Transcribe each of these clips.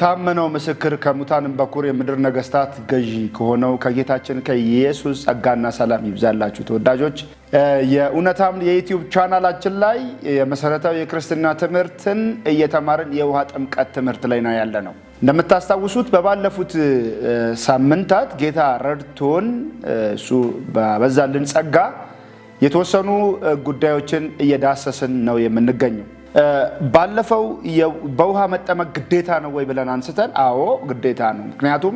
ከታመነው ምስክር ከሙታንም በኩር የምድር ነገስታት ገዢ ከሆነው ከጌታችን ከኢየሱስ ጸጋና ሰላም ይብዛላችሁ። ተወዳጆች የእውነታም የዩትዩብ ቻናላችን ላይ የመሰረታዊ የክርስትና ትምህርትን እየተማርን የውሃ ጥምቀት ትምህርት ላይ ነው ያለ ነው። እንደምታስታውሱት በባለፉት ሳምንታት ጌታ ረድቶን እሱ በበዛልን ጸጋ የተወሰኑ ጉዳዮችን እየዳሰስን ነው የምንገኘው። ባለፈው በውሃ መጠመቅ ግዴታ ነው ወይ ብለን አንስተን፣ አዎ ግዴታ ነው። ምክንያቱም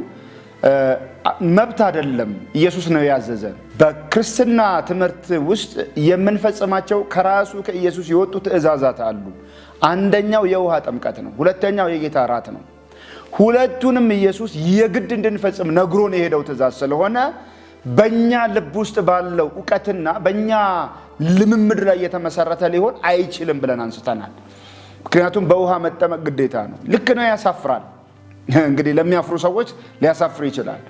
መብት አይደለም፣ ኢየሱስ ነው ያዘዘ። በክርስትና ትምህርት ውስጥ የምንፈጽማቸው ከራሱ ከኢየሱስ የወጡ ትእዛዛት አሉ። አንደኛው የውሃ ጥምቀት ነው። ሁለተኛው የጌታ እራት ነው። ሁለቱንም ኢየሱስ የግድ እንድንፈጽም ነግሮን የሄደው ትእዛዝ ስለሆነ በእኛ ልብ ውስጥ ባለው እውቀትና በእኛ ልምምድ ላይ የተመሰረተ ሊሆን አይችልም ብለን አንስተናል። ምክንያቱም በውሃ መጠመቅ ግዴታ ነው። ልክ ነው፣ ያሳፍራል። እንግዲህ ለሚያፍሩ ሰዎች ሊያሳፍር ይችላል።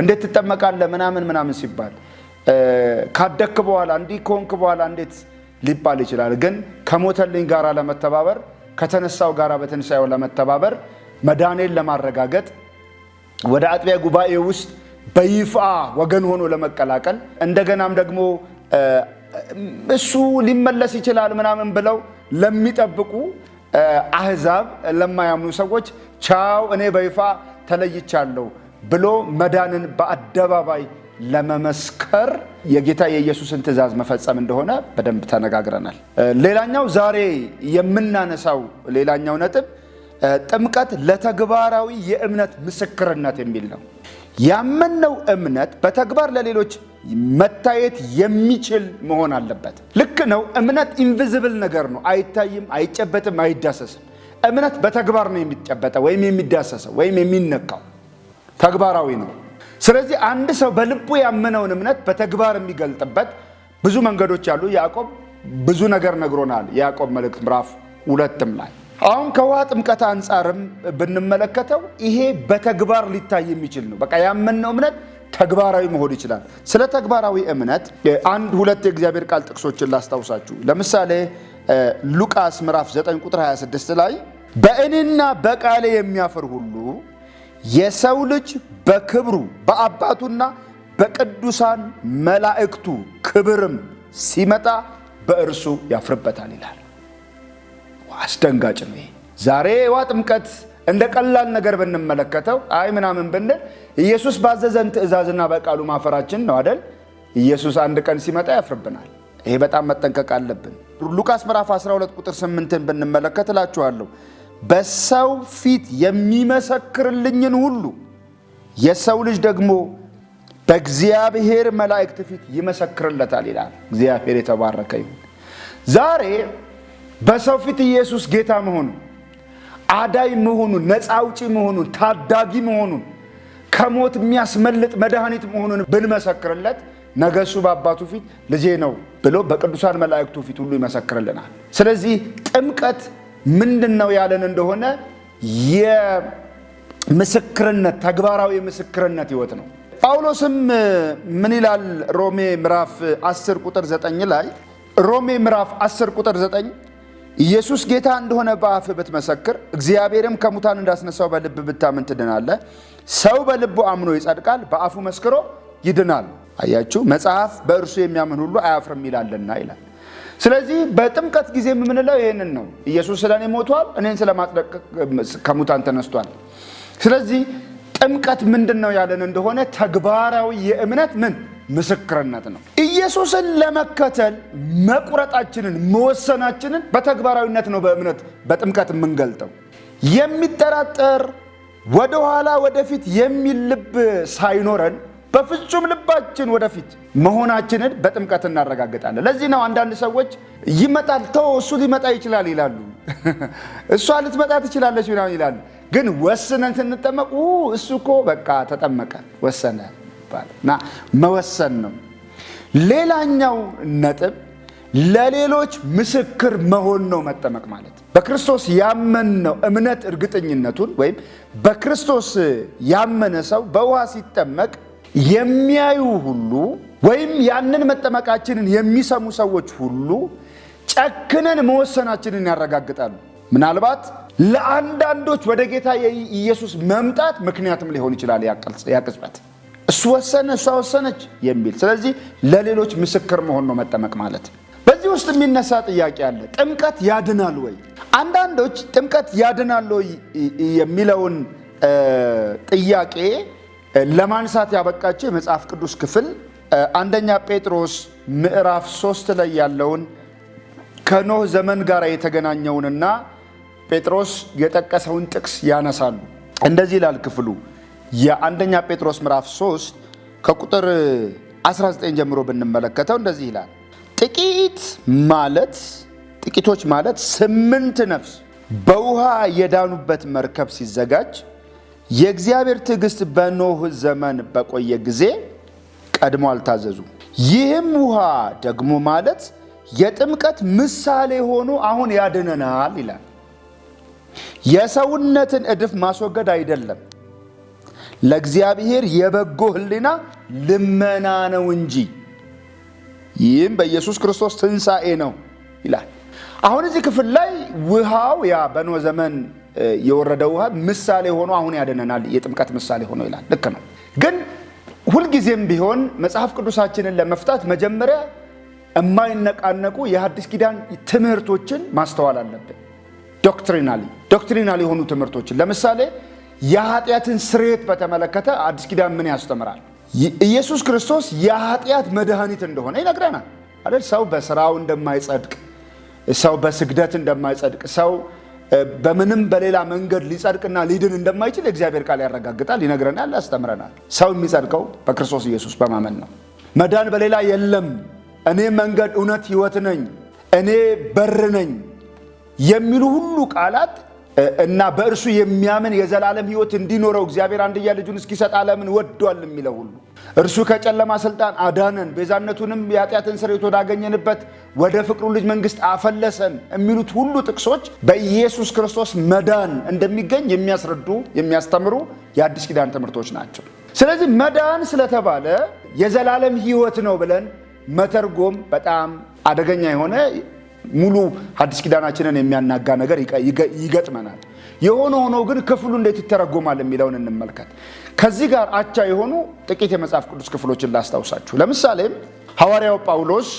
እንዴት ትጠመቃለህ ምናምን ምናምን ሲባል ካደክ በኋላ እንዲህ ከሆንክ በኋላ እንዴት ሊባል ይችላል። ግን ከሞተልኝ ጋራ ለመተባበር ከተነሳው ጋራ በትንሳኤው ለመተባበር መዳኔን ለማረጋገጥ ወደ አጥቢያ ጉባኤ ውስጥ በይፋ ወገን ሆኖ ለመቀላቀል እንደገናም ደግሞ እሱ ሊመለስ ይችላል ምናምን ብለው ለሚጠብቁ አህዛብ፣ ለማያምኑ ሰዎች ቻው እኔ በይፋ ተለይቻለሁ ብሎ መዳንን በአደባባይ ለመመስከር የጌታ የኢየሱስን ትእዛዝ መፈጸም እንደሆነ በደንብ ተነጋግረናል። ሌላኛው ዛሬ የምናነሳው ሌላኛው ነጥብ ጥምቀት ለተግባራዊ የእምነት ምስክርነት የሚል ነው። ያመነው እምነት በተግባር ለሌሎች መታየት የሚችል መሆን አለበት። ልክ ነው። እምነት ኢንቪዝብል ነገር ነው። አይታይም፣ አይጨበጥም፣ አይዳሰስም። እምነት በተግባር ነው የሚጨበጠው ወይም የሚዳሰሰው ወይም የሚነካው፣ ተግባራዊ ነው። ስለዚህ አንድ ሰው በልቡ ያመነውን እምነት በተግባር የሚገልጥበት ብዙ መንገዶች አሉ። ያዕቆብ ብዙ ነገር ነግሮናል። ያዕቆብ መልእክት ምዕራፍ ሁለትም ላይ አሁን ከውሃ ጥምቀት አንጻርም ብንመለከተው ይሄ በተግባር ሊታይ የሚችል ነው። በቃ ያመነው እምነት ተግባራዊ መሆን ይችላል። ስለ ተግባራዊ እምነት አንድ ሁለት የእግዚአብሔር ቃል ጥቅሶችን ላስታውሳችሁ። ለምሳሌ ሉቃስ ምዕራፍ 9 ቁጥር 26 ላይ በእኔና በቃሌ የሚያፍር ሁሉ የሰው ልጅ በክብሩ በአባቱና በቅዱሳን መላእክቱ ክብርም ሲመጣ በእርሱ ያፍርበታል ይላል። አስደንጋጭ ነው ዛሬ የዋ ጥምቀት እንደ ቀላል ነገር ብንመለከተው አይ ምናምን ብንል ኢየሱስ ባዘዘን ትእዛዝና በቃሉ ማፈራችን ነው አደል? ኢየሱስ አንድ ቀን ሲመጣ ያፍርብናል። ይሄ በጣም መጠንቀቅ አለብን። ሉቃስ ምዕራፍ 12 ቁጥር 8ን ብንመለከት እላችኋለሁ በሰው ፊት የሚመሰክርልኝን ሁሉ የሰው ልጅ ደግሞ በእግዚአብሔር መላእክት ፊት ይመሰክርለታል ይላል። እግዚአብሔር የተባረከ ይሁን። ዛሬ በሰው ፊት ኢየሱስ ጌታ መሆኑን አዳይ መሆኑን ነፃ አውጪ መሆኑን ታዳጊ መሆኑን ከሞት የሚያስመልጥ መድኃኒት መሆኑን ብንመሰክርለት ነገ እሱ በአባቱ ፊት ልጄ ነው ብሎ በቅዱሳን መላእክቱ ፊት ሁሉ ይመሰክርልናል። ስለዚህ ጥምቀት ምንድን ነው ያለን እንደሆነ የምስክርነት ተግባራዊ የምስክርነት ህይወት ነው። ጳውሎስም ምን ይላል? ሮሜ ምዕራፍ 10 ቁጥር 9 ላይ ሮሜ ምዕራፍ 10 ቁጥር 9 ኢየሱስ ጌታ እንደሆነ በአፍ ብትመሰክር እግዚአብሔርም ከሙታን እንዳስነሳው በልብ ብታምን ትድናለ ሰው በልቡ አምኖ ይጸድቃል፣ በአፉ መስክሮ ይድናል። አያችሁ፣ መጽሐፍ በእርሱ የሚያምን ሁሉ አያፍርም ይላልና ይላል። ስለዚህ በጥምቀት ጊዜ የምንለው ይህንን ነው። ኢየሱስ ስለ እኔ ሞቷል፣ እኔን ስለማጽደቅ ከሙታን ተነስቷል። ስለዚህ ጥምቀት ምንድን ነው ያለን እንደሆነ ተግባራዊ የእምነት ምን ምስክርነት ነው። ኢየሱስን ለመከተል መቁረጣችንን መወሰናችንን በተግባራዊነት ነው በእምነት በጥምቀት የምንገልጠው። የሚጠራጠር ወደኋላ ወደፊት የሚል ልብ ሳይኖረን በፍጹም ልባችን ወደፊት መሆናችንን በጥምቀት እናረጋግጣለን። ለዚህ ነው አንዳንድ ሰዎች ይመጣል፣ ተው እሱ ሊመጣ ይችላል ይላሉ፣ እሷ ልትመጣ ትችላለች ይላሉ። ግን ወስነን ስንጠመቅ እሱ እኮ በቃ ተጠመቀ፣ ወሰነ ይባላል እና መወሰን ነው። ሌላኛው ነጥብ ለሌሎች ምስክር መሆን ነው መጠመቅ ማለት። በክርስቶስ ያመንነው እምነት እርግጠኝነቱን ወይም በክርስቶስ ያመነ ሰው በውሃ ሲጠመቅ የሚያዩ ሁሉ ወይም ያንን መጠመቃችንን የሚሰሙ ሰዎች ሁሉ ጨክነን መወሰናችንን ያረጋግጣሉ። ምናልባት ለአንዳንዶች ወደ ጌታ የኢየሱስ መምጣት ምክንያትም ሊሆን ይችላል ያቅጽበት። እሱ ወሰነ፣ እሷ ወሰነች የሚል ስለዚህ ለሌሎች ምስክር መሆን ነው መጠመቅ ማለት። በዚህ ውስጥ የሚነሳ ጥያቄ አለ። ጥምቀት ያድናል ወይ? አንዳንዶች ጥምቀት ያድናል ወይ የሚለውን ጥያቄ ለማንሳት ያበቃቸው የመጽሐፍ ቅዱስ ክፍል አንደኛ ጴጥሮስ ምዕራፍ ሶስት ላይ ያለውን ከኖህ ዘመን ጋር የተገናኘውንና ጴጥሮስ የጠቀሰውን ጥቅስ ያነሳሉ። እንደዚህ ይላል ክፍሉ የአንደኛ ጴጥሮስ ምዕራፍ 3 ከቁጥር 19 ጀምሮ ብንመለከተው እንደዚህ ይላል። ጥቂት ማለት ጥቂቶች ማለት ስምንት ነፍስ በውሃ የዳኑበት መርከብ ሲዘጋጅ የእግዚአብሔር ትዕግስት በኖህ ዘመን በቆየ ጊዜ ቀድሞ አልታዘዙ። ይህም ውሃ ደግሞ ማለት የጥምቀት ምሳሌ ሆኖ አሁን ያድነናል ይላል። የሰውነትን እድፍ ማስወገድ አይደለም ለእግዚአብሔር የበጎ ህሊና ልመና ነው እንጂ ይህም በኢየሱስ ክርስቶስ ትንሣኤ ነው ይላል። አሁን እዚህ ክፍል ላይ ውሃው ያ በኖ ዘመን የወረደ ውሃ ምሳሌ ሆኖ አሁን ያደነናል፣ የጥምቀት ምሳሌ ሆኖ ይላል። ልክ ነው። ግን ሁልጊዜም ቢሆን መጽሐፍ ቅዱሳችንን ለመፍታት መጀመሪያ የማይነቃነቁ የሐዲስ ኪዳን ትምህርቶችን ማስተዋል አለብን። ዶክትሪናሊ ዶክትሪናሊ የሆኑ ትምህርቶችን ለምሳሌ የኃጢአትን ስርየት በተመለከተ አዲስ ኪዳን ምን ያስተምራል? ኢየሱስ ክርስቶስ የኃጢአት መድኃኒት እንደሆነ ይነግረናል አይደል? ሰው በስራው እንደማይጸድቅ፣ ሰው በስግደት እንደማይጸድቅ፣ ሰው በምንም በሌላ መንገድ ሊጸድቅና ሊድን እንደማይችል እግዚአብሔር ቃል ያረጋግጣል፣ ይነግረናል፣ ያስተምረናል። ሰው የሚጸድቀው በክርስቶስ ኢየሱስ በማመን ነው። መዳን በሌላ የለም። እኔ መንገድ፣ እውነት፣ ህይወት ነኝ፣ እኔ በር ነኝ የሚሉ ሁሉ ቃላት እና በእርሱ የሚያምን የዘላለም ሕይወት እንዲኖረው እግዚአብሔር አንድያ ልጁን እስኪሰጥ ዓለምን ወዷል የሚለው ሁሉ እርሱ ከጨለማ ስልጣን አዳነን፣ ቤዛነቱንም የኃጢአትን ስርየት ወዳገኘንበት ወደ ፍቅሩ ልጅ መንግስት አፈለሰን የሚሉት ሁሉ ጥቅሶች በኢየሱስ ክርስቶስ መዳን እንደሚገኝ የሚያስረዱ የሚያስተምሩ የአዲስ ኪዳን ትምህርቶች ናቸው። ስለዚህ መዳን ስለተባለ የዘላለም ሕይወት ነው ብለን መተርጎም በጣም አደገኛ የሆነ ሙሉ ሐዲስ ኪዳናችንን የሚያናጋ ነገር ይገጥመናል። የሆነ ሆኖ ግን ክፍሉ እንዴት ይተረጎማል የሚለውን እንመልከት። ከዚህ ጋር አቻ የሆኑ ጥቂት የመጽሐፍ ቅዱስ ክፍሎችን ላስታውሳችሁ። ለምሳሌ ሐዋርያው ጳውሎስ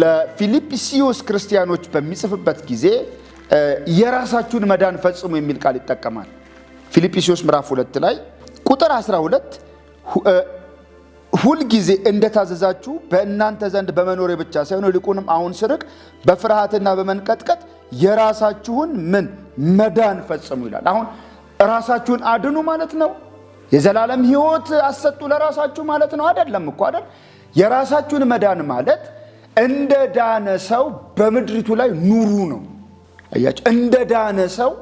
ለፊልጵስዩስ ክርስቲያኖች በሚጽፍበት ጊዜ የራሳችሁን መዳን ፈጽሙ የሚል ቃል ይጠቀማል። ፊልጵስዩስ ምዕራፍ 2 ላይ ቁጥር 12 ሁልጊዜ እንደታዘዛችሁ በእናንተ ዘንድ በመኖሬ ብቻ ሳይሆን ይልቁንም አሁን ስርቅ በፍርሃትና በመንቀጥቀጥ የራሳችሁን ምን መዳን ፈጽሙ ይላል። አሁን ራሳችሁን አድኑ ማለት ነው። የዘላለም ሕይወት አሰጡ ለራሳችሁ ማለት ነው። አይደለም እኮ አይደል? የራሳችሁን መዳን ማለት እንደ ዳነ ሰው በምድሪቱ ላይ ኑሩ ነው። አያችሁ፣ እንደ ዳነ ሰው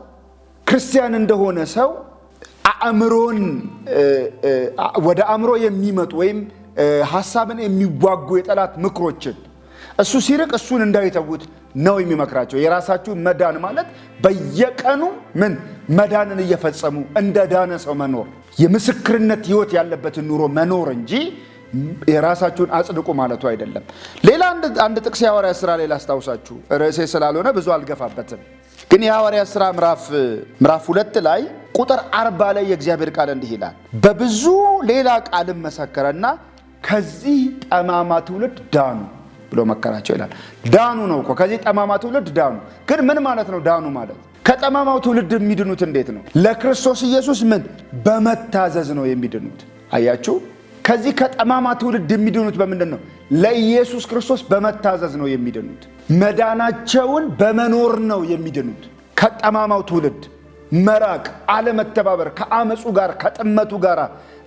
ክርስቲያን እንደሆነ ሰው አእምሮን ወደ አእምሮ የሚመጡ ወይም ሀሳብን የሚዋጉ የጠላት ምክሮችን እሱ ሲርቅ እሱን እንዳይተዉት ነው የሚመክራቸው። የራሳችሁን መዳን ማለት በየቀኑ ምን መዳንን እየፈጸሙ እንደ ዳነ ሰው መኖር የምስክርነት ህይወት ያለበትን ኑሮ መኖር እንጂ የራሳችሁን አጽድቁ ማለቱ አይደለም። ሌላ አንድ ጥቅስ የሐዋርያት ሥራ ላይ ላስታውሳችሁ፣ ርዕሴ ስላልሆነ ብዙ አልገፋበትም። ግን የሐዋርያ ሥራ ምዕራፍ ሁለት ላይ ቁጥር አርባ ላይ የእግዚአብሔር ቃል እንዲህ ይላል፣ በብዙ ሌላ ቃልም መሰከረና ከዚህ ጠማማ ትውልድ ዳኑ ብሎ መከራቸው ይላል። ዳኑ ነው እኮ ከዚህ ጠማማ ትውልድ ዳኑ። ግን ምን ማለት ነው ዳኑ ማለት? ከጠማማው ትውልድ የሚድኑት እንዴት ነው? ለክርስቶስ ኢየሱስ ምን በመታዘዝ ነው የሚድኑት። አያችሁ ከዚህ ከጠማማ ትውልድ የሚድኑት በምንድን ነው? ለኢየሱስ ክርስቶስ በመታዘዝ ነው የሚድኑት። መዳናቸውን በመኖር ነው የሚድኑት። ከጠማማው ትውልድ መራቅ፣ አለመተባበር፣ ከአመፁ ጋር ከጥመቱ ጋር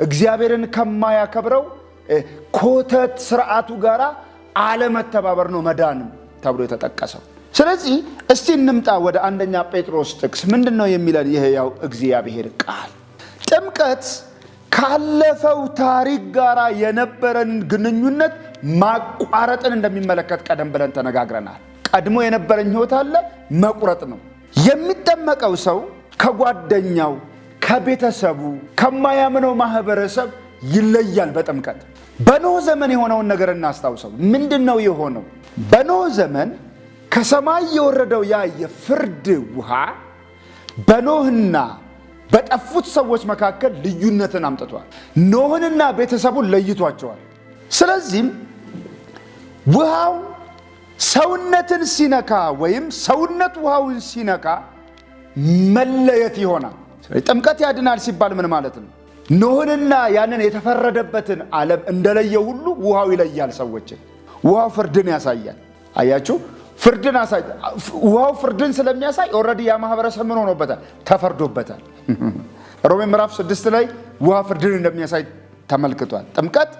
እግዚአብሔርን ከማያከብረው ኮተት ስርዓቱ ጋር አለመተባበር ነው መዳንም ተብሎ የተጠቀሰው። ስለዚህ እስቲ እንምጣ ወደ አንደኛ ጴጥሮስ ጥቅስ። ምንድን ነው የሚለን ያው እግዚአብሔር ቃል ጥምቀት ካለፈው ታሪክ ጋር የነበረን ግንኙነት ማቋረጥን እንደሚመለከት ቀደም ብለን ተነጋግረናል። ቀድሞ የነበረኝ ህይወት አለ መቁረጥ ነው። የሚጠመቀው ሰው ከጓደኛው፣ ከቤተሰቡ፣ ከማያምነው ማህበረሰብ ይለያል በጥምቀት። በኖህ ዘመን የሆነውን ነገር እናስታውሰው። ምንድን ነው የሆነው? በኖህ ዘመን ከሰማይ የወረደው ያ የፍርድ ውሃ በኖህና በጠፉት ሰዎች መካከል ልዩነትን አምጥቷል። ኖህንና ቤተሰቡን ለይቷቸዋል። ስለዚህም ውሃው ሰውነትን ሲነካ ወይም ሰውነት ውሃውን ሲነካ መለየት ይሆናል። ጥምቀት ያድናል ሲባል ምን ማለት ነው? ኖህንና ያንን የተፈረደበትን ዓለም እንደለየ ሁሉ ውሃው ይለያል ሰዎችን። ውሃው ፍርድን ያሳያል። አያችሁ ፍርድን አሳይ ውሃው ፍርድን ስለሚያሳይ ኦልሬዲ ያ ማህበረሰብ ምን ሆኖበታል? ተፈርዶበታል። ሮሜ ምዕራፍ ስድስት ላይ ውሃ ፍርድን እንደሚያሳይ ተመልክቷል። ጥምቀት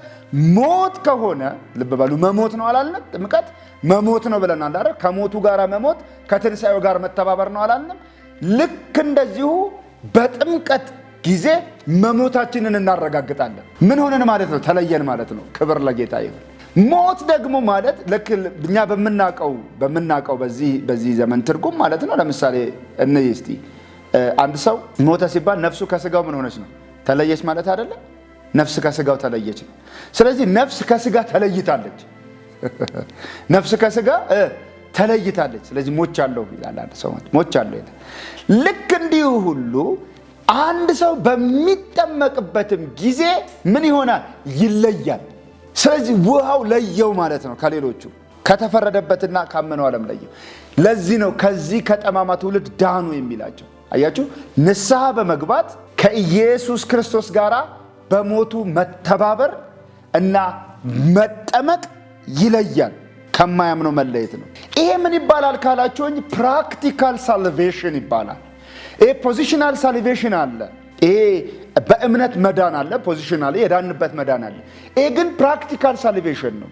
ሞት ከሆነ ልብ በሉ መሞት ነው አላልንም። ጥምቀት መሞት ነው ብለን አንዳረ ከሞቱ ጋር መሞት ከትንሳኤው ጋር መተባበር ነው አላልንም? ልክ እንደዚሁ በጥምቀት ጊዜ መሞታችንን እናረጋግጣለን። ምን ሆነን ማለት ነው? ተለየን ማለት ነው። ክብር ለጌታ ይሁን። ሞት ደግሞ ማለት ልክ እኛ በምናቀው በምናቀው በዚህ ዘመን ትርጉም ማለት ነው። ለምሳሌ እነ እስቲ አንድ ሰው ሞተ ሲባል ነፍሱ ከስጋው ምን ሆነች ነው? ተለየች ማለት አይደለም። ነፍስ ከስጋው ተለየች ነው። ስለዚህ ነፍስ ከስጋ ተለይታለች። ነፍስ ከስጋ ተለይታለች። ስለዚህ አለው ይላል አንድ ሰው ሞቻለሁ ይላል። ልክ እንዲሁ ሁሉ አንድ ሰው በሚጠመቅበትም ጊዜ ምን ይሆናል? ይለያል ስለዚህ ውሃው ለየው ማለት ነው ከሌሎቹ ከተፈረደበትና ካመነው ዓለም ለየው። ለዚህ ነው ከዚህ ከጠማማ ትውልድ ዳኑ የሚላቸው። አያችሁ፣ ንስሐ በመግባት ከኢየሱስ ክርስቶስ ጋር በሞቱ መተባበር እና መጠመቅ ይለያል። ከማያምነው መለየት ነው። ይሄ ምን ይባላል ካላችሁኝ፣ ፕራክቲካል ሳልቬሽን ይባላል። ይሄ ፖዚሽናል ሳልቬሽን አለ። ይሄ በእምነት መዳን አለ፣ ፖዚሽን አለ፣ የዳንበት መዳን አለ። ይህ ግን ፕራክቲካል ሳልቬሽን ነው።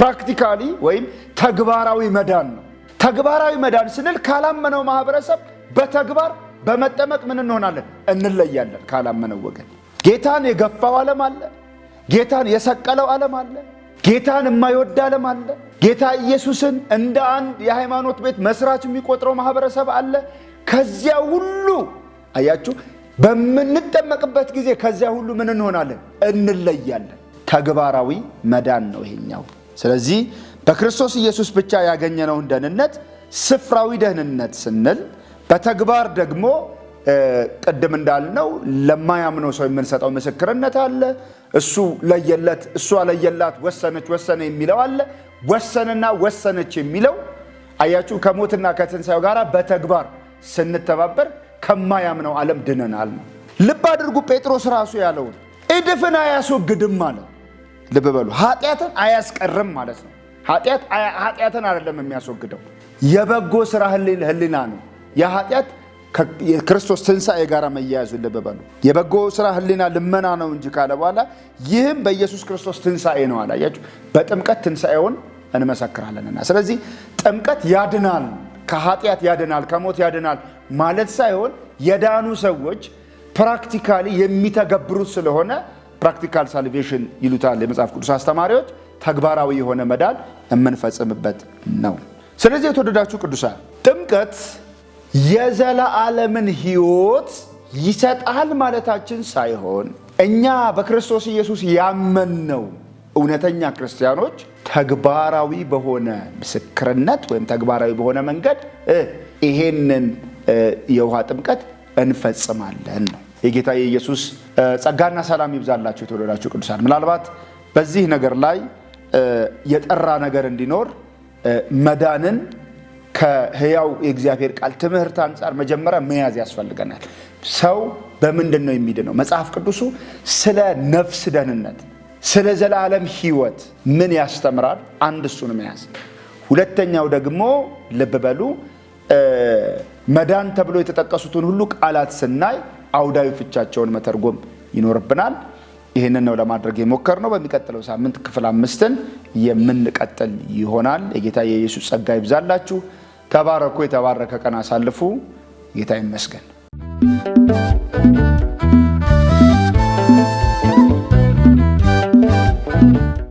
ፕራክቲካሊ ወይም ተግባራዊ መዳን ነው። ተግባራዊ መዳን ስንል ካላመነው ማህበረሰብ በተግባር በመጠመቅ ምን እንሆናለን? እንለያለን። ካላመነው ወገን ጌታን የገፋው ዓለም አለ። ጌታን የሰቀለው ዓለም አለ። ጌታን የማይወድ ዓለም አለ። ጌታ ኢየሱስን እንደ አንድ የሃይማኖት ቤት መስራች የሚቆጥረው ማህበረሰብ አለ። ከዚያ ሁሉ አያችሁ በምንጠመቅበት ጊዜ ከዚያ ሁሉ ምን እንሆናለን? እንለያለን። ተግባራዊ መዳን ነው ይሄኛው። ስለዚህ በክርስቶስ ኢየሱስ ብቻ ያገኘነውን ደህንነት ስፍራዊ ደህንነት ስንል፣ በተግባር ደግሞ ቅድም እንዳልነው ለማያምነው ሰው የምንሰጠው ምስክርነት አለ። እሱ ለየለት፣ እሷ ለየላት፣ ወሰነች፣ ወሰነ የሚለው አለ። ወሰንና ወሰነች የሚለው አያችሁ፣ ከሞትና ከትንሣኤው ጋር በተግባር ስንተባበር ከማያምነው ዓለም ድነናል። ልብ አድርጉ፣ ጴጥሮስ ራሱ ያለውን እድፍን አያስወግድም ማለት ልብ በሉ፣ ኃጢአትን አያስቀርም ማለት ነው። ኃጢአትን አይደለም የሚያስወግደው የበጎ ስራ ህሊና ነው። የኃጢአት የክርስቶስ ትንሣኤ ጋር መያያዙ ልብ በሉ። የበጎ ስራ ህሊና ልመና ነው እንጂ ካለ በኋላ ይህም በኢየሱስ ክርስቶስ ትንሣኤ ነው አላያችሁ። በጥምቀት ትንሣኤውን እንመሰክራለንና፣ ስለዚህ ጥምቀት ያድናል። ከኃጢአት ያድናል፣ ከሞት ያድናል ማለት ሳይሆን የዳኑ ሰዎች ፕራክቲካሊ የሚተገብሩት ስለሆነ ፕራክቲካል ሳልቬሽን ይሉታል የመጽሐፍ ቅዱስ አስተማሪዎች። ተግባራዊ የሆነ መዳን የምንፈጽምበት ነው። ስለዚህ የተወደዳችሁ ቅዱሳን ጥምቀት የዘላለምን ሕይወት ይሰጣል ማለታችን ሳይሆን እኛ በክርስቶስ ኢየሱስ ያመንነው እውነተኛ ክርስቲያኖች ተግባራዊ በሆነ ምስክርነት ወይም ተግባራዊ በሆነ መንገድ ይሄንን የውሃ ጥምቀት እንፈጽማለን ነው። የጌታ የኢየሱስ ጸጋና ሰላም ይብዛላችሁ የተወደዳችሁ ቅዱሳን። ምናልባት በዚህ ነገር ላይ የጠራ ነገር እንዲኖር መዳንን ከህያው የእግዚአብሔር ቃል ትምህርት አንጻር መጀመሪያ መያዝ ያስፈልገናል። ሰው በምንድን ነው የሚድነው? መጽሐፍ ቅዱሱ ስለ ነፍስ ደህንነት ስለ ዘላለም ህይወት ምን ያስተምራል? አንድ እሱን መያዝ። ሁለተኛው ደግሞ ልብ በሉ መዳን ተብሎ የተጠቀሱትን ሁሉ ቃላት ስናይ አውዳዊ ፍቻቸውን መተርጎም ይኖርብናል። ይህንን ነው ለማድረግ የሞከርነው። በሚቀጥለው ሳምንት ክፍል አምስትን የምንቀጥል ይሆናል። የጌታ የኢየሱስ ጸጋ ይብዛላችሁ። ተባረኩ። የተባረከ ቀን አሳልፉ። ጌታ ይመስገን።